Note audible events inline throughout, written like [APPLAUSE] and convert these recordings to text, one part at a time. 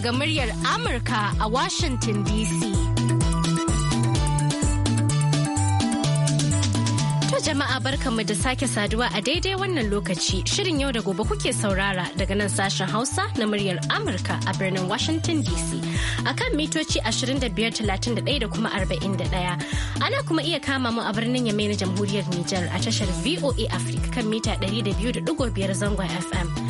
daga muryar Amurka a Washington DC. To jama'a barkanmu da sake saduwa a daidai wannan lokaci shirin yau da gobe kuke saurara daga nan sashen Hausa na muryar Amurka a birnin Washington DC. a kan mitoci 2531 da kuma 41. Ana kuma iya kama mu a birnin Yamai na Jamhuriyar Nijar a tashar VOA Africa kan mita 200.5 zangon FM.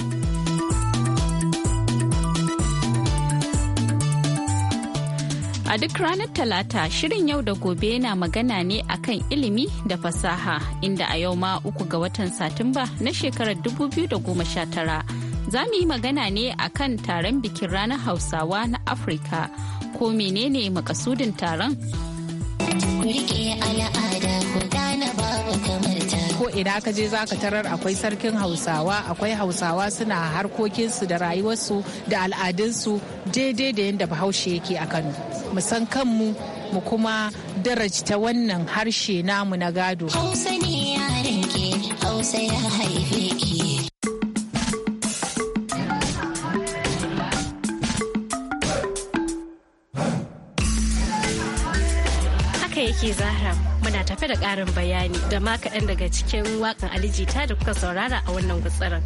A duk ranar Talata shirin yau da gobe yana magana ne akan ilimi da fasaha inda a yau ma uku ga watan Satumba na shekarar 2019 za mu yi magana ne akan taron bikin ranar Hausawa na Afirka ko menene makasudin taron? ina ka je zaka tarar akwai sarkin hausawa akwai hausawa suna harkokinsu da rayuwarsu da al'adunsu daidai da yanda bahaushe yake a kano mu san kanmu mu kuma ta wannan harshe namu na gado hausa ne ya rinke hausa ya haifi haka yake zahra muna tafe da ƙarin bayani da ma kaɗan daga cikin waƙan alijita da kuka saurara a wannan gutsarin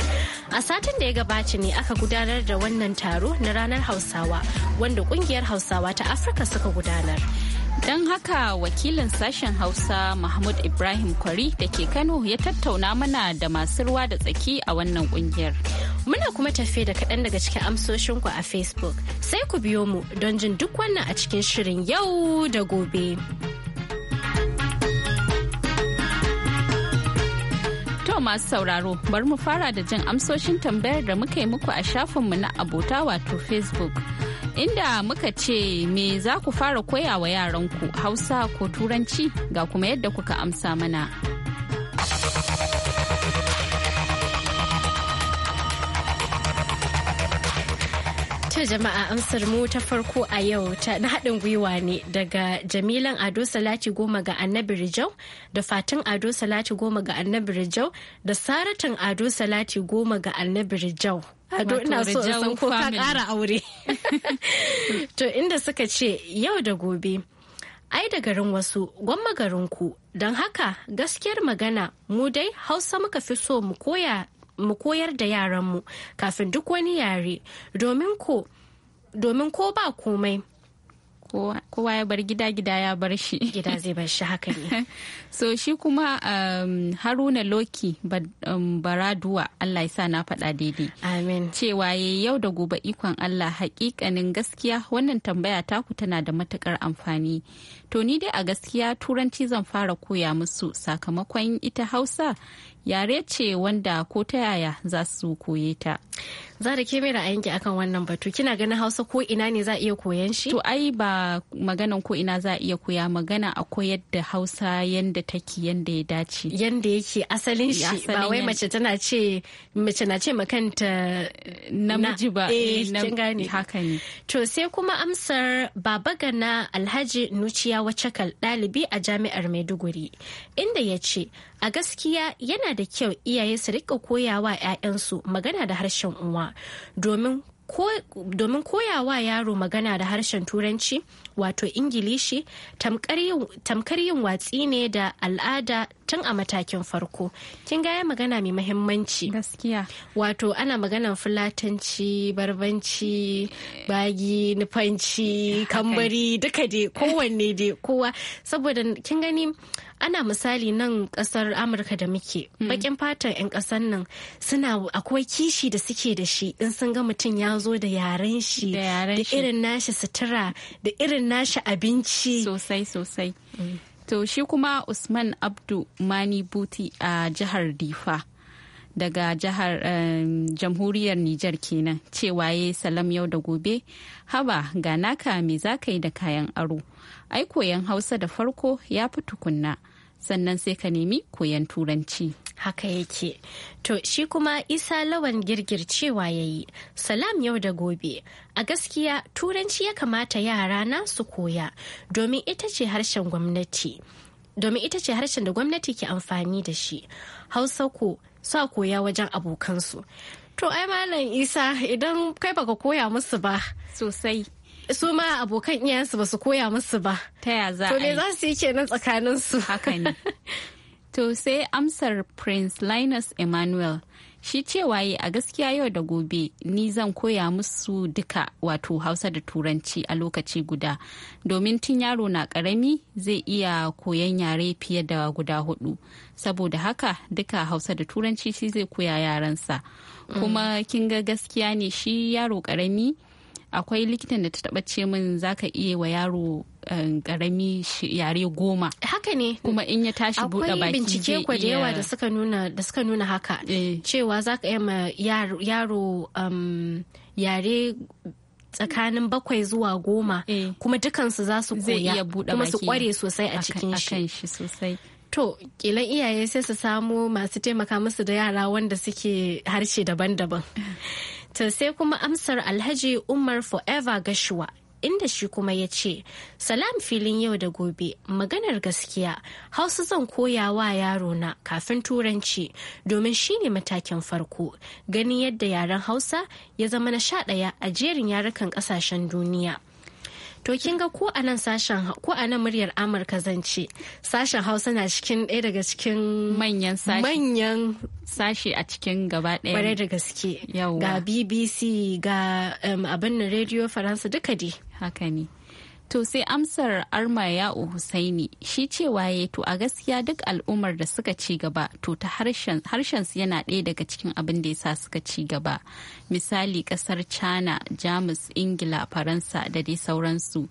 a satin da ya gabace ne aka gudanar da wannan taro na ranar hausawa wanda ƙungiyar hausawa ta afirka suka gudanar Don haka wakilin sashen Hausa Mahmud Ibrahim Kwari da ke Kano ya tattauna mana da masu ruwa da tsaki a wannan kungiyar. Muna kuma tafe da kaɗan daga cikin amsoshinku a Facebook. Sai ku biyo mu don jin duk wannan a cikin shirin yau da gobe. To masu sauraro bari mu fara da jin amsoshin tambayar da muka yi muku a shafinmu na abota wato Facebook. Inda muka ce me za ku fara koya wa yaranku Hausa ko Turanci ga kuma yadda kuka amsa mana. To jama'a amsar mu ta farko a yau ta na haɗin gwiwa ne daga Jamilan Ado Salati goma ga Annabi Rijau da Fatin Ado Salati goma ga Annabi Rijau da Saratan Ado Salati goma ga Annabi Rijau. Ado ina so san ko ka ƙara aure. [LAUGHS] to inda suka ce yau da gobe. Ai da garin wasu gwamma garinku don haka gaskiyar magana mu dai hausa muka fi so mu koya mu koyar da yaranmu kafin duk wani yare domin ko domin ko ba komai kowa ya bar gida gida ya bar shi gida zai bar shi haka ne [LAUGHS] so shi kuma um, haruna loki um, baraduwa allah ya sa na faɗa daidai amin cewa ya yau da gobe ikon allah hakikanin gaskiya wannan tambaya taku tana da matukar amfani to ni dai a gaskiya turanci zan fara koya musu sakamakon ita hausa yare ce wanda ko ta yaya za su koye ta za da ke mera ra'ayinki akan wannan batu kina ganin hausa ko ina ne za a iya koyan shi to ai ba maganan ko ina za a iya koya magana a koyar da hausa yanda take yanda ya dace yanda yake asalin shi ba wai mace tana ce mace na ce makanta namiji ba eh, eh haka ne to sai kuma amsar baba gana alhaji nuciya wace cakal ɗalibi a jami'ar Maiduguri, inda ya ce, A gaskiya yana da kyau iyaye su rika koyawa 'ya'yansu magana da harshen uwa domin domin koyawa yaro magana da harshen turanci wato ingilishi tamkar yin watsi ne da al'ada tun a matakin farko kin gaya magana mai mahimmanci gaskiya wato ana maganan fulatanci barbanci bagi nufanci kambari duka dai kowanne dai kowa saboda kin gani ana misali nan kasar amurka da muke hmm. bakin fatan 'yan kasar nan suna akwai kishi da suke da shi in sun ga mutum ya zo da yaren shi da irin nashi sutura da irin nashi abinci sosai sosai hmm. to shi kuma usman abdu mani buti a jihar difa daga jihar um, jamhuriyar Nijar kenan cewa ya salam yau da gobe haba ga naka me zaka yi da kayan aro ai koyan hausa da farko ya fi tukunna sannan sai ka nemi koyan turanci haka yake to shi kuma isa lawan girgircewa cewa ya yi salam yau da gobe a gaskiya turanci ya kamata yara na su koya domin ita ce harshen gwamnati domin ita ce harshen da gwamnati ke amfani da shi hausa ko sa koya wajen abokansu to ai malam isa idan kai baka koya musu ba sosai su ma abokan iyansu ba su koya musu ba ta ya za to me za su yi kenan tsakanin su haka ne [LAUGHS] to sai amsar prince linus emmanuel shi cewa yi a gaskiya yau da gobe ni zan koya musu duka wato hausa da turanci a lokaci guda domin tun yaro na karami zai iya koyan yare fiye da guda hudu saboda haka duka hausa da turanci shi zai koya yaransa mm. kuma kin ga gaskiya ne shi yaro karami akwai likitan da ta taba ce min zaka iya wa yaro karami eh, yare goma haka ne kuma in ya tashi bude baki akwai bincike kwa da yawa da suka nuna da suka nuna haka eh. cewa ka iya ma yaro um, yare tsakanin bakwai zuwa goma eh. kuma dukansu za su koya kuma su kware sosai a cikin shi to kilan iyaye sai su samo masu taimaka musu da yara wanda suke harshe daban-daban [LAUGHS] To sai kuma amsar Alhaji Umar Forever Gashuwa inda shi kuma ya ce, Salam filin yau da gobe, maganar gaskiya, hausa zan koya wa yaro na kafin turanci domin shine matakin farko, ganin yadda yaren hausa ya zama na sha ɗaya a jerin yarukan ƙasashen duniya. To kin ga ko a nan sashen ko a muryar Amurka zan ce sashen Hausa na cikin ɗaya daga cikin manyan sashi a cikin gaba ɗaya. Kwarai da gaske. Ga BBC ga um, abin Radio Faransa duka dai. Haka ne. To sai amsar Arma Ya'u Husaini shi ce waye to a gaskiya duk al'ummar da suka ci gaba to ta harshen su yana ɗaya daga cikin abin da ya sa suka ci gaba. Misali ƙasar China, Jamus, Ingila, Faransa da dai sauransu.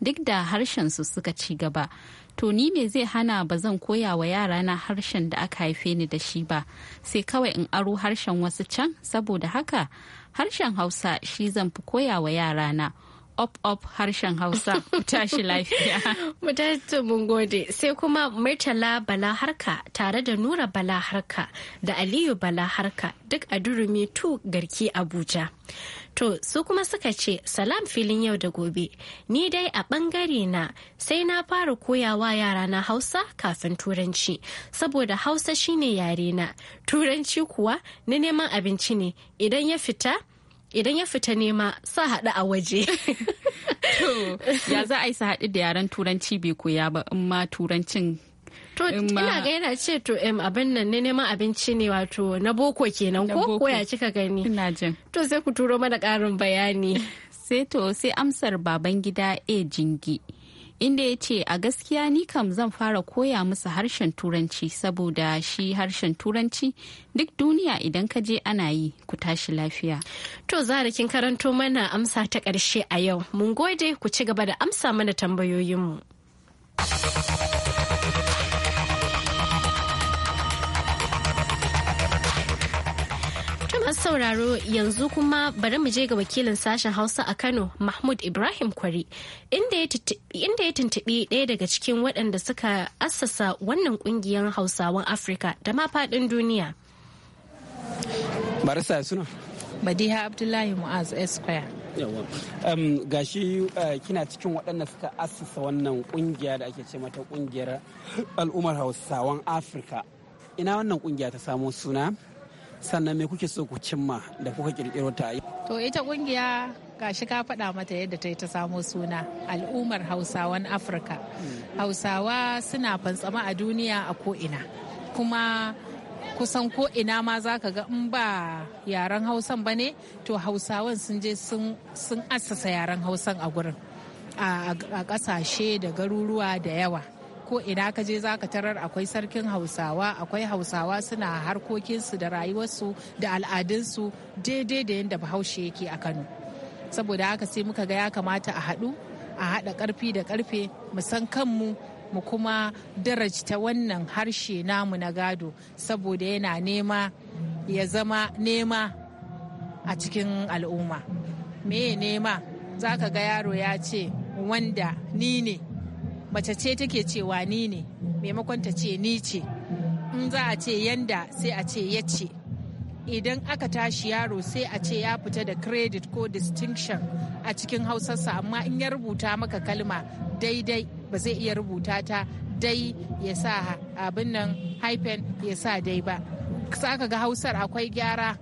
Duk da harshen su suka ci gaba. To ni me zai hana ba zan koya wa yarana harshen da aka haife ni da shi ba, sai kawai in aro harshen wasu can saboda haka harshen Hausa shi zan fi koya wa yara na op op harshen hausa ku tashi lafiya [LAUGHS] mu mun gode sai kuma murtala bala harka tare da nura bala harka da aliyu bala harka duk a durumi tu garki abuja To su kuma suka ce salam filin yau da gobe, ni dai a ɓangare na sai na fara koyawa yara na Hausa kafin Turanci, saboda Hausa shine yare na, Turanci kuwa na neman abinci ne idan ya fita idan ya fita nema sa haɗu a waje. [LAUGHS] ya za a yi sa haɗu da yaren turanci bai koya ba in ma turancin To ina ga yana ce to em abin nan ne neman abinci ne wato na boko kenan ko ko ya kika gani. Ina jin. To sai ku turo mana ƙarin bayani. [LAUGHS] sai to sai amsar baban gida A jingi inda ya ce a gaskiya ni kam zan fara koya musu harshen turanci saboda shi harshen turanci duk duniya idan ka je ana yi ku tashi lafiya. To zara kin karanto mana amsa ta ƙarshe a yau mun gode ku ci gaba da amsa mana tambayoyinmu. sauraro yanzu kuma bari mu je ga wakilin sashen Hausa a Kano Mahmud Ibrahim Kwari inda ya tuntuɓi ɗaya daga cikin waɗanda suka assasa wannan ƙungiyar Hausawan Afirka da ma faɗin duniya. Barisa suna. Badiha Abdullahi Mu'az Esquire. Um, gashi uh, eh, kina cikin waɗanda suka assasa wannan ƙungiya da ake ce mata kungiyar al'ummar hausawan afirka ina wannan ƙungiya ta samo suna sannan me kuke so ku cimma da kuka kirkiro ta to ita kungiya gashi ka faɗa mata yadda ta yi ta samo suna al'ummar hausawan afirka hmm. hausawa suna fantsama a duniya a ko'ina kuma kusan ko'ina ma za ka ga in ba yaren hausan ba ne to hausawan sun je sun assasa yaren hausan a gurin a ƙasashe da garuruwa da yawa ko ina ka je za ka tarar akwai sarkin hausawa akwai hausawa suna harkokinsu da rayuwarsu da al'adunsu daidai da yadda bahaushe yake a kano saboda haka sai muka ga ya kamata a haɗu a haɗa ƙarfi da ƙarfe mu san kanmu mu kuma darajta wannan harshe namu na gado saboda yana nema ya zama nema a cikin al'umma me nema za ka ga yaro ya ce wanda ni ne mace ce take cewa ni ne maimakon ta ce ni ce in za a ce yanda sai a ce ya ce idan aka tashi yaro sai a ce ya fita da credit ko distinction a cikin hausarsa amma in ya rubuta maka kalma daidai ba zai iya rubuta ta dai ya sa abin nan hyphen ya sa dai ba saka ga hausar akwai gyara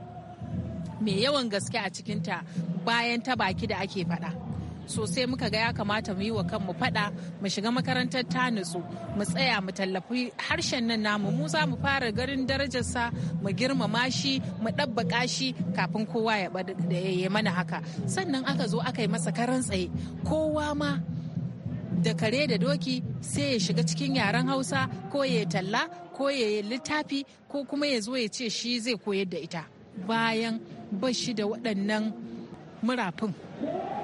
mai yawan gaske a cikinta bayan ta baki da ake faɗa sosai muka ga ya kamata mu yi wa kanmu fada mu shiga makarantar ta nutsu mu tsaya mu tallafi harshen nan namu mu za mu fara garin darajarsa mu girmama shi mu ɗabbaka shi kafin kowa ya yi mana haka sannan aka zo aka yi masa karan tsaye kowa ma da kare da doki sai ya shiga cikin yaren hausa ko ya talla ko ya littafi ko kuma ya zo ya ce shi zai koyar da ita bayan bashi da waɗannan murafin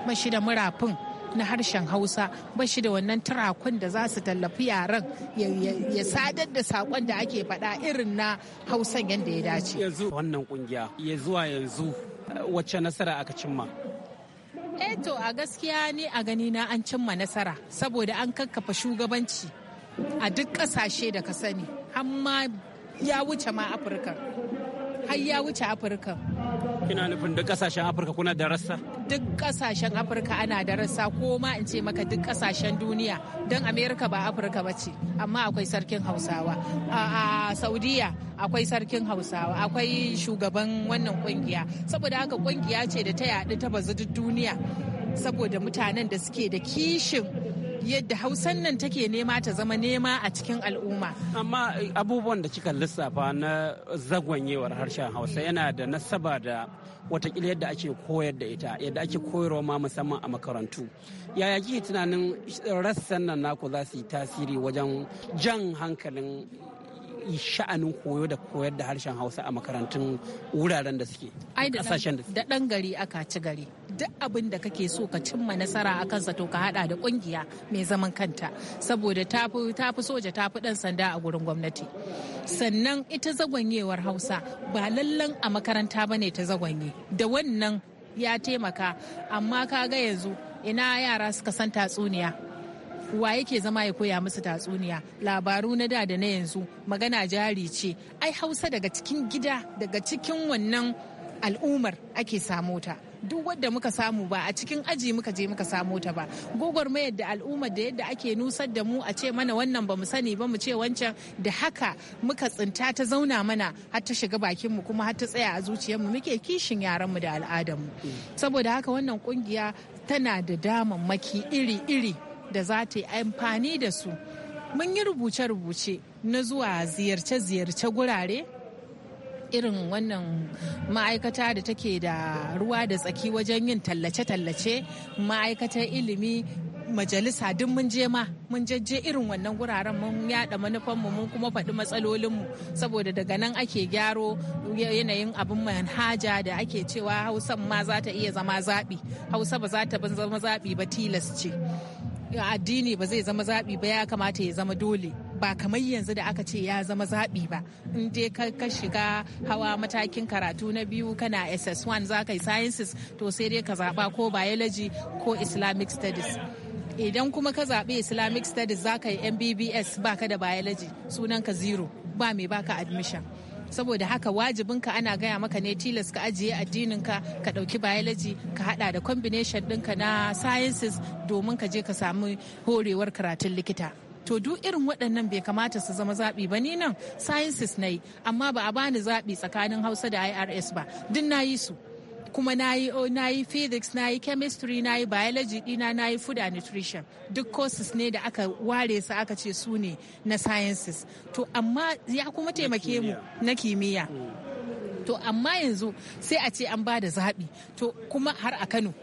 ba shi da murafin na harshen hausa ba shi da wannan turakun da za su tallafi yaran ya sadar da sakon da ake faɗa irin na hausan yadda ya dace yanzu wannan kungiya ya zuwa yanzu wacce nasara aka cimma eto eh to a gaskiya ne a gani na an cimma nasara saboda an kakkafa shugabanci a duk ƙasashe da ka sani amma ya wuce ma afirka har ya wuce afirka kina nufin duk kasashen afirka kuna da rassa duk kasashen afirka ana da rassa ko ma in ce maka duk kasashen duniya don amerika ba afirka ba ce amma akwai sarkin hausawa a saudiya akwai sarkin hausawa akwai shugaban wannan kungiya saboda haka kungiya ce da ta yaɗu ta bazu duk duniya saboda mutanen da suke da kishin yadda hausan nan take nema ta zama nema a cikin al'umma amma abubuwan da kika lissafa na zagwanyewar harshen hausa yana da nasaba da watakila yadda ake koyar da ita yadda ake koyarwa ma musamman a makarantu yaya kike tunanin rassan nan naku za su yi tasiri wajen jan hankalin sha'anin koyo da koyar da harshen hausa a makarantun wuraren da suke kasashen da dan gari aka ci gari duk abin da kake so ka cimma nasara a kansa to ka hada da kungiya mai zaman kanta saboda tafi tafi soja tafi dan sanda a gurin gwamnati sannan ita zagwanyewar hausa ba lallan a makaranta bane ta zagwanye da wannan ya taimaka amma ka ga yanzu ina yara suka san tatsuniya wa yake zama ya koya musu tatsuniya labaru na da da na yanzu magana jari ce ai hausa daga cikin gida daga cikin wannan al'ummar ake samo ta duk wadda muka samu ba a cikin aji muka je muka samo ta ba gwagwarmayar da al'ummar da yadda ake nusar da mu a ce mana wannan ba mu sani ba mu ce wancan da haka muka tsinta ta zauna mana har ta shiga bakin mu kuma har ta tsaya a zuciyar mu muke kishin yaran mu da al'adar mu saboda haka wannan kungiya tana da damammaki iri-iri da za ta yi amfani da su mun yi rubuce-rubuce na zuwa ziyarce-ziyarce gurare irin wannan ma'aikata da take da ruwa da tsaki wajen yin tallace-tallace ma'aikatar ilimi majalisa duk mun je ma mun jajje irin wannan guraren mun yada mu mun kuma faɗi matsalolin mu saboda daga nan ake gyaro yanayin abin manhaja da ake cewa Hausa ma za ta iya zama zaɓi hausa ba za ta zama zaɓi ba tilas ce addini ba zai zama zaɓi ba ya kamata ya zama dole ba kamar yanzu da aka ce ya zama zaɓi ba in dai ka shiga hawa matakin karatu na biyu kana ss1 za ka yi sciences to sai dai ka zaɓa ko biology ko islamic studies idan kuma ka zaɓi islamic studies za ka yi mbbs ka da biology sunanka zero ba mai baka admission saboda haka wajibinka ana gaya maka ne tilas ka ajiye addininka ka ɗauki biology ka hada da combination ɗinka na sciences domin ka je ka samu horewar karatun likita to duk irin waɗannan bai kamata su zama zaɓi ba ni nan sciences na yi amma ba a bani zaɓi tsakanin hausa da irs ba duk na yi su kuma oh, na yi physics na yi chemistry na yi biology dina na yi food and nutrition duk courses ne da aka ware su aka ce su ne na sciences to amma ya kuma taimake mu na kimiyya to amma yanzu sai a ce an ba da zaɓi to kuma har a kano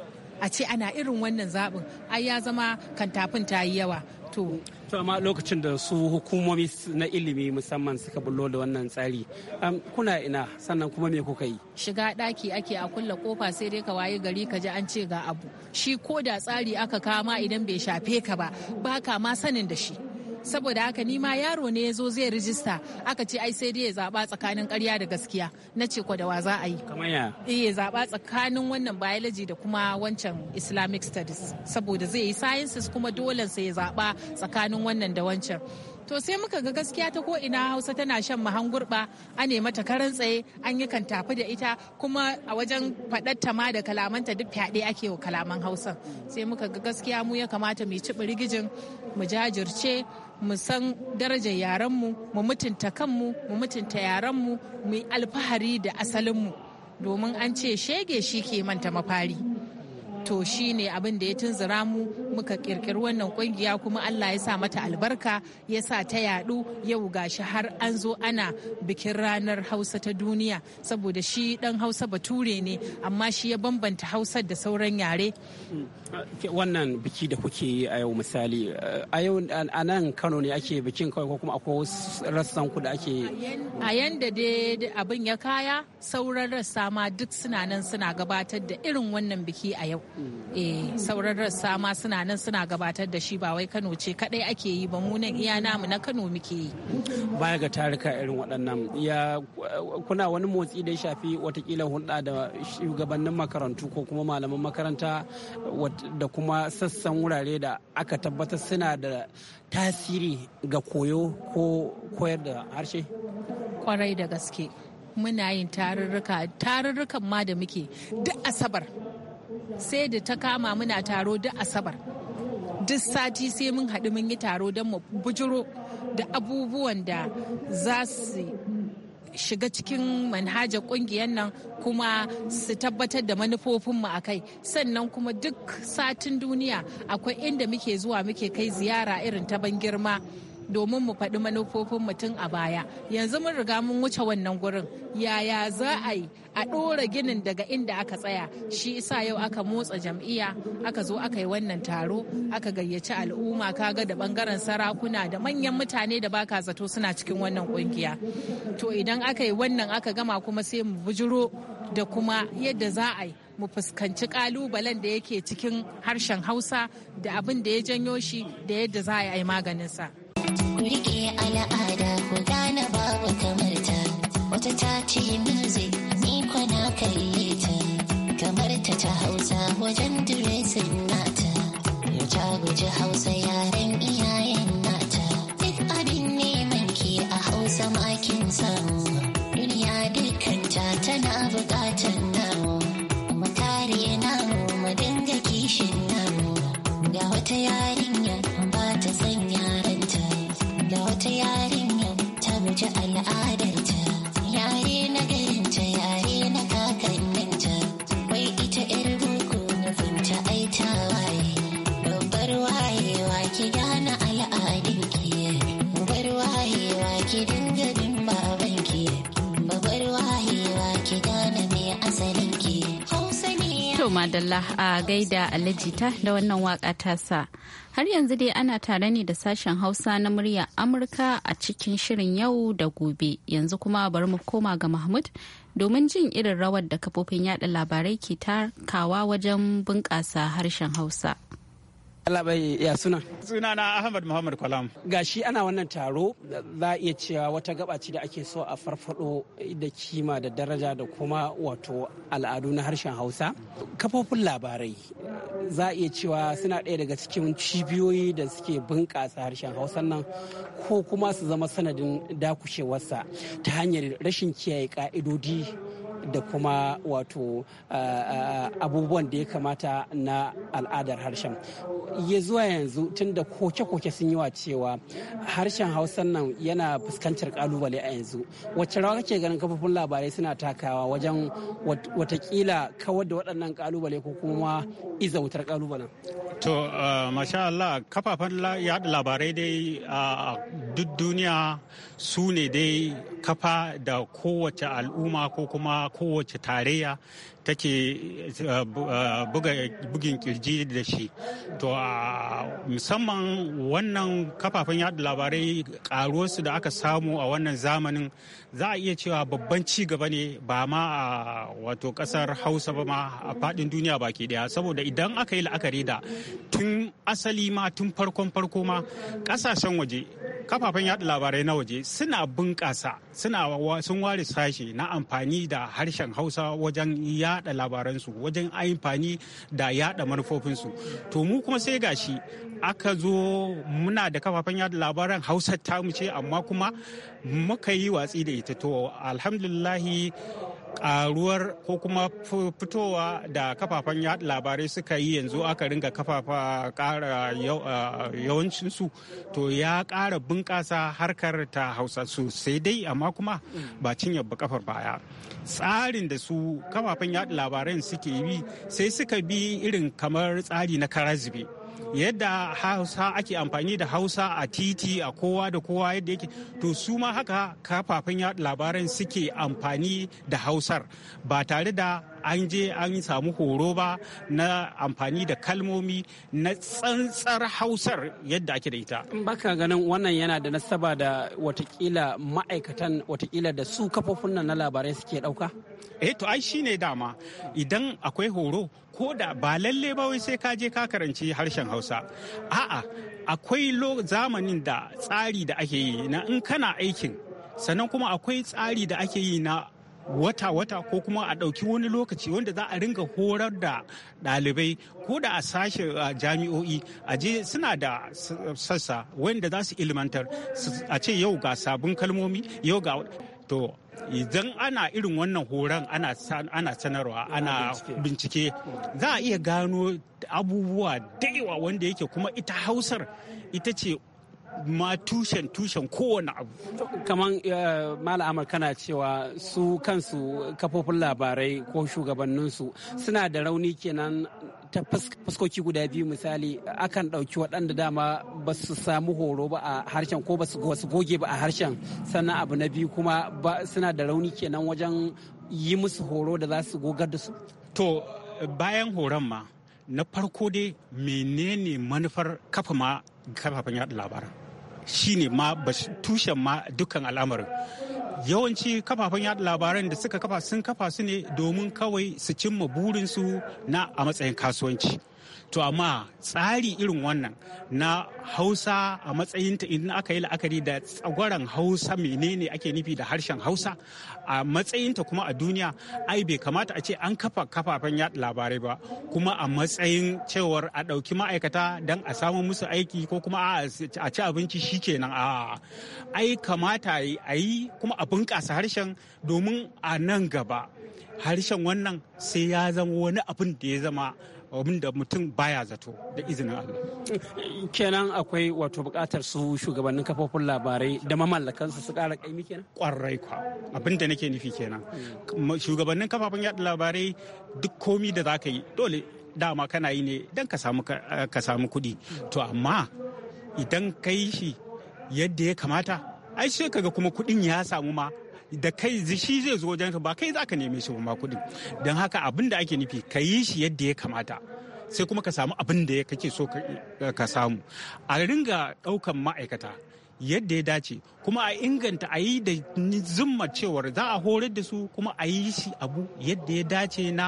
a ce ana irin wannan zaɓin ai ya zama kantafin ta yi yawa tama to amma lokacin da su hukumomi na ilimi musamman suka bullo da wannan tsari kuna ina sannan kuma me kuka yi shiga daki ake a kulla kofa sai dai ka waye gari ka ji an ce ga abu shi ko da tsari aka kama idan bai shafe ka ba baka ma sanin da shi saboda haka ni ma yaro ne ya zo zai rijista aka ce ai sai dai ya zaba tsakanin ƙarya da gaskiya na ce ko da wa za a yi ya eh, zaba tsakanin wannan biology da kuma wancan islamic studies saboda zai yi sciences kuma dole sai ya zaba tsakanin wannan da wancan to sai muka ga gaskiya ta ko ina hausa tana shan mahangurba a ne mata karan tsaye an yi kan tafi da ita kuma a wajen faɗattama ma da kalamanta duk fyaɗe ake wa kalaman hausa sai muka ga gaskiya mu ya kamata mu ci birgijin mu jajirce mu san darajar yarenmu mu mutunta kanmu mu mutunta yarenmu mu yi alfahari da asalinmu domin an ce shege shi ke manta mafari. to shi ne abin da ya tunzura mu muka kirkiri wannan kungiya kuma Allah ya sa mata albarka ya sa ta yadu yau gashi har an zo ana bikin ranar Hausa ta duniya saboda shi dan Hausa bature ne amma shi ya bambanta Hausa da sauran yare wannan biki da kuke yi a yau misali a yau a nan Kano ne ake bikin kawai ko kuma akwai rassan ku da ake a yanda dai abin ya kaya sauran rassa ma duk suna nan suna gabatar da irin wannan biki a yau eh sauran rassa ma suna nan suna gabatar da shi ba wai Kano ce kadai ake yi ba mu nan iya namu na Kano muke yi baya ga tarika irin waɗannan ya kuna wani motsi da ya shafi watakila hulɗa da shugabannin makarantu ko kuma malaman makaranta da kuma sassan wurare da aka tabbatar suna da tasiri ga koyo ko koyar da harshe kwarai da gaske muna yin tarurruka tarurrukan ma da muke duk asabar sai da ta kama muna taro duk asabar duk sati sai mun haɗu mun yi taro don mu bujiro da abubuwan da za su shiga cikin manhajar ƙungiyar nan kuma su tabbatar da manufofinmu a kai sannan kuma duk satin duniya akwai inda muke zuwa muke kai ziyara irin ta ban girma domin mu faɗi manufofin mutum a baya yanzu mun riga mun wuce wannan gurin yaya za a yi a ɗora ginin daga inda aka tsaya shi isa yau aka motsa jam'iyya aka zo aka yi wannan taro aka gayyaci al'umma kaga da bangaren sarakuna da manyan mutane da baka zato suna cikin wannan kungiya to idan aka yi wannan aka gama kuma sai mu bujiro da kuma yadda za a yi mu fuskanci kalubalen da yake cikin harshen hausa da abin da ya janyo shi da yadda za a yi sa. Ku al'ada ku gane babu kamar ta. Wata ta ce music ni kwana kalle ta. Kamar ta hausa wajen diresin nata. Ta guji hausa yaren iyayen nata. Duk abin neman ke a hausa makin samu. Duniya dukkanta tana buƙatar namu. Mu kare namu mu dinga kishin namu. Ga wata yarinya ba ta san madalla a gaida alajita da wannan waka sa Har yanzu dai ana tare ne da sashen Hausa na murya Amurka a cikin shirin yau da gobe. Yanzu kuma bari mu koma ga Mahmud domin jin irin rawar da kafofin yada labarai ke takawa wajen bunƙasa harshen Hausa. Allah bai ya suna. na Ahmad Muhammad Kwalam. Gashi ana wannan taro za a iya cewa wata gaba da ake so a farfado da kima da daraja da kuma wato al'adu na harshen Hausa. Kafofin labarai za a iya cewa suna ɗaya daga cikin cibiyoyi da suke bunƙasa harshen Hausa nan ko kuma su zama sanadin dakushewarsa ta hanyar rashin kiyaye ka'idodi. da kuma wato eh, eh, abubuwan da ya kamata na al'adar harshen ya zuwa yanzu tun da koke-koke sun yi wa cewa harshen Hausa nan yana fuskantar kalubale a yanzu wacce rawa kake ganin kafofin labarai suna takawa wajen watakila kawar da waɗannan kalubale ko kuma izautar kalubalen to eh, masha Allah kafafen yada labarai dai a duk duniya su ne dai kafa da kowace al'umma ko kuma kowace tarayya take uh, uh, bugin kirji da shi to uh, musamman wannan kafafen yada labarai karuwarsu da aka samu a wannan zamanin za a iya cewa babban ci gaba ne ba ma a wato kasar hausa ba ma a fadin duniya baki daya saboda idan aka yi la'akari da tun asali ma tun farkon farko ma kasashen waje kafafen yada labarai na waje suna bunƙasa suna sun ware sashi na amfani da harshen hausa wajen ya yada labaransu wajen amfani da yada manufofinsu to mu kuma sai gashi aka zo muna da kafafen yada labaran hausa ta mu ce amma kuma muka yi watsi da ita to alhamdulillahi karuwar ko kuma fitowa da kafafen yaɗa labarai suka yi yanzu aka ringa kafafa ƙara yawancinsu to ya ƙara bunƙasa harkar ta hausa sosai dai amma kuma ba cinye yabba kafar baya tsarin da su kafafen yaɗa labarai suke bi sai suka bi irin kamar tsari na karazibi. yadda hausa ake amfani da hausa a titi a kowa da kowa yadda yake to su ma haka kafafen labaran suke amfani da hausar ba tare da an je an samu horo ba na amfani da kalmomi na tsantsar hausar yadda ake da ita. baka ganin wannan yana da nasaba da watakila ma'aikatan watakila da su kafofin nan na labarai suke ɗauka? eh to ai shine dama idan akwai horo ko da ba lalle ba wai sai ka je ka karanci harshen hausa a'a akwai zamanin da tsari da ake yi na in kana aikin sannan kuma akwai tsari da ake yi na wata-wata ko kuma a ɗauki wani lokaci wanda za a ringa horar da ɗalibai ko da a sashe jami'o'i a je suna da sassa wanda za su ilmantar a ce yau ga sabon kalmomi yau ga to idan ana irin wannan horon ana sanarwa ana bincike za a iya gano abubuwa da wanda yake kuma ita hausar ita ce ma tushen tushen kowane abu. kamar Kaman eh, Malamar kana cewa su kansu kafofin labarai ko shugabanninsu suna da rauni kenan ta fuskoki guda biyu misali akan ɗauki waɗanda dama ba su samu horo ba a harshen ko ba su goge ba a harshen sannan abu na biyu kuma suna da rauni kenan wajen yi musu horo da za su gogar da su. To bayan horon ma na farko dai menene manufar kafa ma kafafen yaɗa labaran. shine ma tushen ma dukkan al'amarin yawanci kafafen yada labaran da suka kafa sun kafa su ne domin kawai su cimma burinsu na a matsayin kasuwanci to amma tsari irin wannan na hausa a matsayinta idan aka yi la'akari da tsagwaron hausa menene ake nufi da harshen hausa a matsayinta kuma a duniya ai bai kamata a ce an kafa kafafen yaɗa labarai ba kuma a matsayin cewar a ɗauki ma'aikata don a samu musu aiki ko kuma a ci abinci shi a ai kamata a yi kuma a bunƙasa harshen domin a nan gaba harshen wannan sai ya zama wani abin da ya zama abin da mutum baya zato da izinin Allah. Kenan akwai wato bukatar su shugabannin kafofin labarai da mamallakan su kara kaimi kenan? Kwarai kwa abin da nake nufi kenan. Shugabannin kafofin yaɗa labarai duk komi da za ka yi dole dama kana yi ne don ka samu kuɗi. To amma idan ka yi shi yadda ya kamata ai sai kaga kuma kuɗin ya samu ma da kai shi zai zo wajen ba kai za ka neme shi ba kuɗin don haka abin da ake nufi ka yi shi yadda ya kamata sai kuma ka samu abin da kake so eh, ka samu a ringa ɗaukan ma'aikata yadda ya dace kuma a inganta a yi da zimma cewar za a horar da su kuma a yi shi abu yadda ya dace na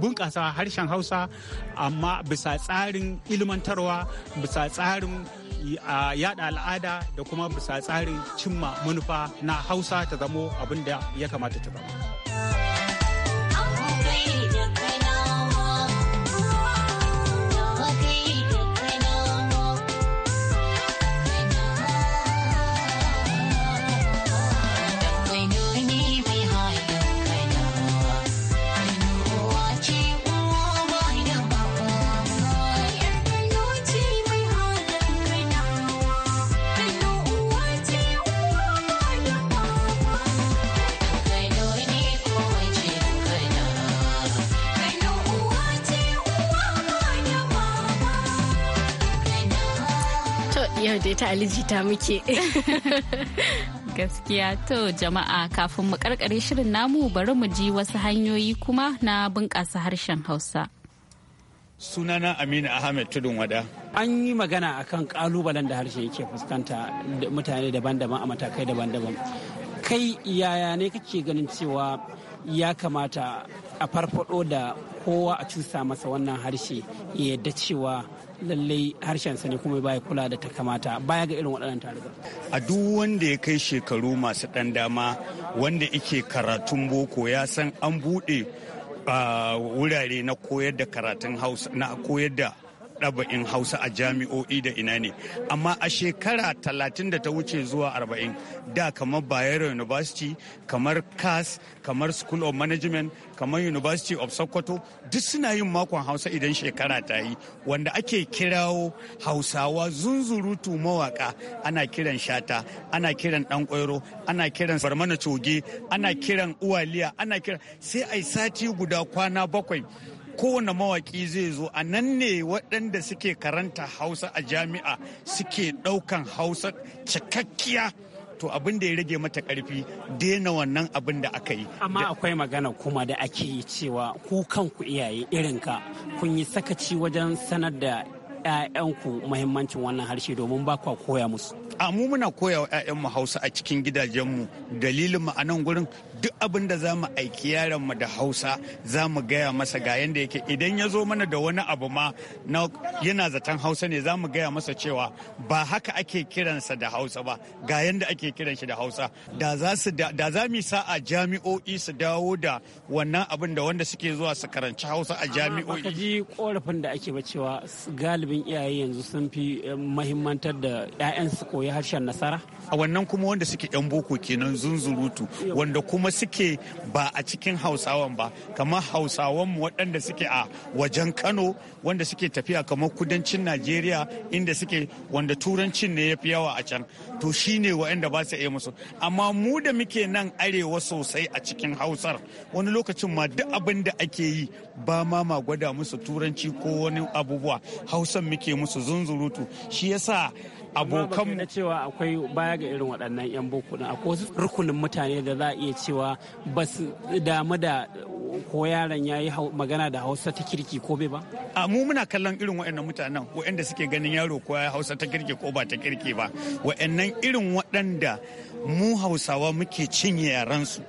bunƙasa harshen hausa amma bisa tsarin ilmantarwa bisa tsarin yada al'ada da kuma bisa tsarin cimma manufa na hausa ta zamo abin da ya kamata ta zama. ce ta alijita muke. [LAUGHS] Gaskiya to jama'a kafin mu karkare shirin namu bari mu ji wasu hanyoyi kuma na bunƙasa harshen Hausa. sunana aminu ahmed tudun wada an yi magana akan kalubalen da harshe yake fuskanta mutane daban-daban a matakai daban-daban kai yaya ne kake ganin cewa ya kamata a farfado da kowa a cusa masa wannan harshe ya yadda cewa lallai harshensa ne kuma baya kula da ta kamata baya ga irin waɗannan taruka. A duk wanda ya kai shekaru masu ɗan dama wanda ike karatun boko ya san an buɗe ah, wurare na koyar da karatun hausa na koyar da ɗaba'in hausa a jami'o'i da ina ne amma a shekara talatin da ta wuce zuwa arba'in da kamar bayero university kamar cas kamar school of management kamar university of sokoto duk suna yin makon hausa idan shekara ta yi wanda ake kirawo hausawa zunzurutu mawaka ana kiran shata ana kiran dan kwairo ana kiran barmana coge ana kiran uwaliya ana kiran sai yi sati guda kwana bakwai kowane mawaki zai zo a nan ne waɗanda suke karanta hausa a jami'a suke ɗaukan hausa cikakkiya to abin da ya rage mata karfi daina wannan abin da aka yi. Amma akwai magana kuma da ake yi cewa ku kanku iyaye ka kun yi sakaci wajen sanar da 'ya'yanku muhimmancin wannan harshe domin ba kwa koya musu. A mu muna koya wa 'ya'yanmu Hausa a cikin gidajenmu dalilin mu a nan gurin duk abin da za mu aiki yaron mu da hausa za mu gaya masa ga yanda yake idan ya zo mana da wani abu ma yana zaton hausa ne za mu gaya masa cewa ba haka ake kiransa da hausa ba ga yanda ake kiran shi da hausa da za su da za mu sa a jami'o'i su dawo da wannan abin da wanda suke zuwa su karanci hausa a jami'o'i ka ji korafin da ake ba cewa galibin iyaye yanzu sun fi eh, mahimmantar da 'ya'yan su koyi harshen nasara a wannan kuma wanda suke yan boko kenan zunzurutu wanda kuma suke ba a cikin hausawan ba kamar hausawan mu waɗanda suke a wajen kano wanda suke tafiya kamar kudancin najeriya inda suke wanda turancin ne ya fi yawa a can to shine waɗanda ba su iya musu amma mu da muke nan arewa sosai a cikin hausar wani lokacin ma duk abin da ake yi ba ma ma gwada musu turanci ko wani abubuwa hausan muke musu zunzurutu shi yasa abokan na cewa akwai baya ga irin waɗannan 'yan boko din akwai rukunin mutane da za a iya cewa ba su damu da ko yaron ya yi magana da hausa ta kirki ko bai ba? a mu muna kallon irin waɗannan mutanen waɗanda suke ganin yaro ko ya hausa ta kirki ko ba ta kirki ba waɗannan irin waɗanda mu hausawa muke cinye yaransu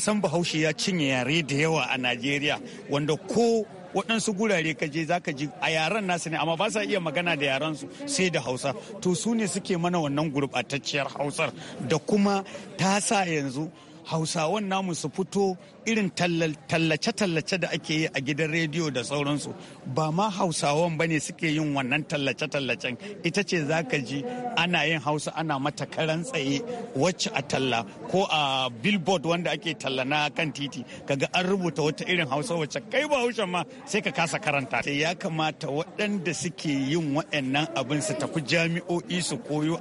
san bahaushe ya cinye yare da yawa a najeriya wanda ko waɗansu gurare ka je za ka ji a yaren nasu ne amma ba sa iya magana da yaren su sai da hausa to su ne suke mana wannan gurɓatacciyar hausar da kuma ta sa yanzu hausawan namu su fito irin tallace-tallace da ake yi a gidan rediyo da sauransu ba ma hausawan ba ne suke yin wannan tallace-tallacen ita ce za ka ji ana yin hausa ana mata karan tsaye wacce a talla ko a billboard wanda ake talla na kan titi kaga an rubuta wata irin hausa wacce kai ba haushen ma sai ka kasa karanta sai ya kamata waɗanda suke yin waɗannan abin su tafi jami'o'i su koyo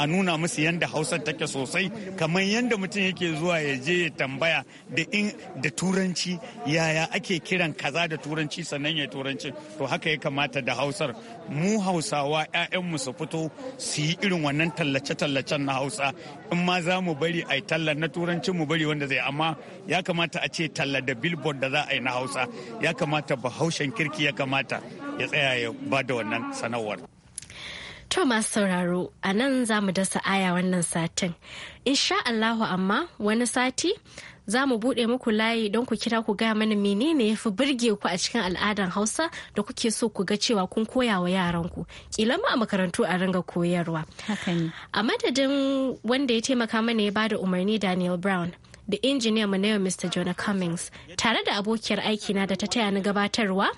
a nuna musu yadda hausa take sosai kamar yadda mutum yake zuwa ya je ya tambaya da in da turanci yaya ake kiran kaza da turanci sannan ya turanci to haka ya kamata da hausar mu hausawa 'ya'yanmu su fito su yi irin wannan tallace-tallacen na hausa in ma za mu bari a talla na turanci mu bari wanda zai amma ya kamata a ce talla da billboard da za a yi na hausa ya kamata bahaushen kirki ya kamata ya tsaya ya ba da wannan sanarwar To masu sauraro a nan za mu dasa aya wannan satin. Insha Allahu amma wani sati za mu buɗe muku layi don ku kira ku gaya mana menene ya fi birge ku a cikin al'adar Hausa da kuke so ku ga cewa kun koya wa yaranku. Kila ma a makarantu a ringa koyarwa. A madadin wanda ya taimaka mana ya bada umarni Daniel Brown. Da injiniyan mu na yau Mr. Jonah Cummings tare da abokiyar aikina da ta taya ni gabatarwa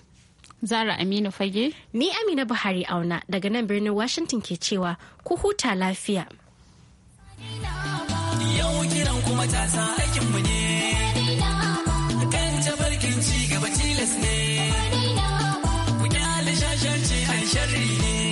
Zara Aminu Fage. Ni Amina Buhari auna daga nan birnin Washington ke cewa ku huta lafiya. Yau kiran kuma aikin mu ne. Kan tabarkin ci gaba tilas ne. Ku kyale shashanci ai sharri ne.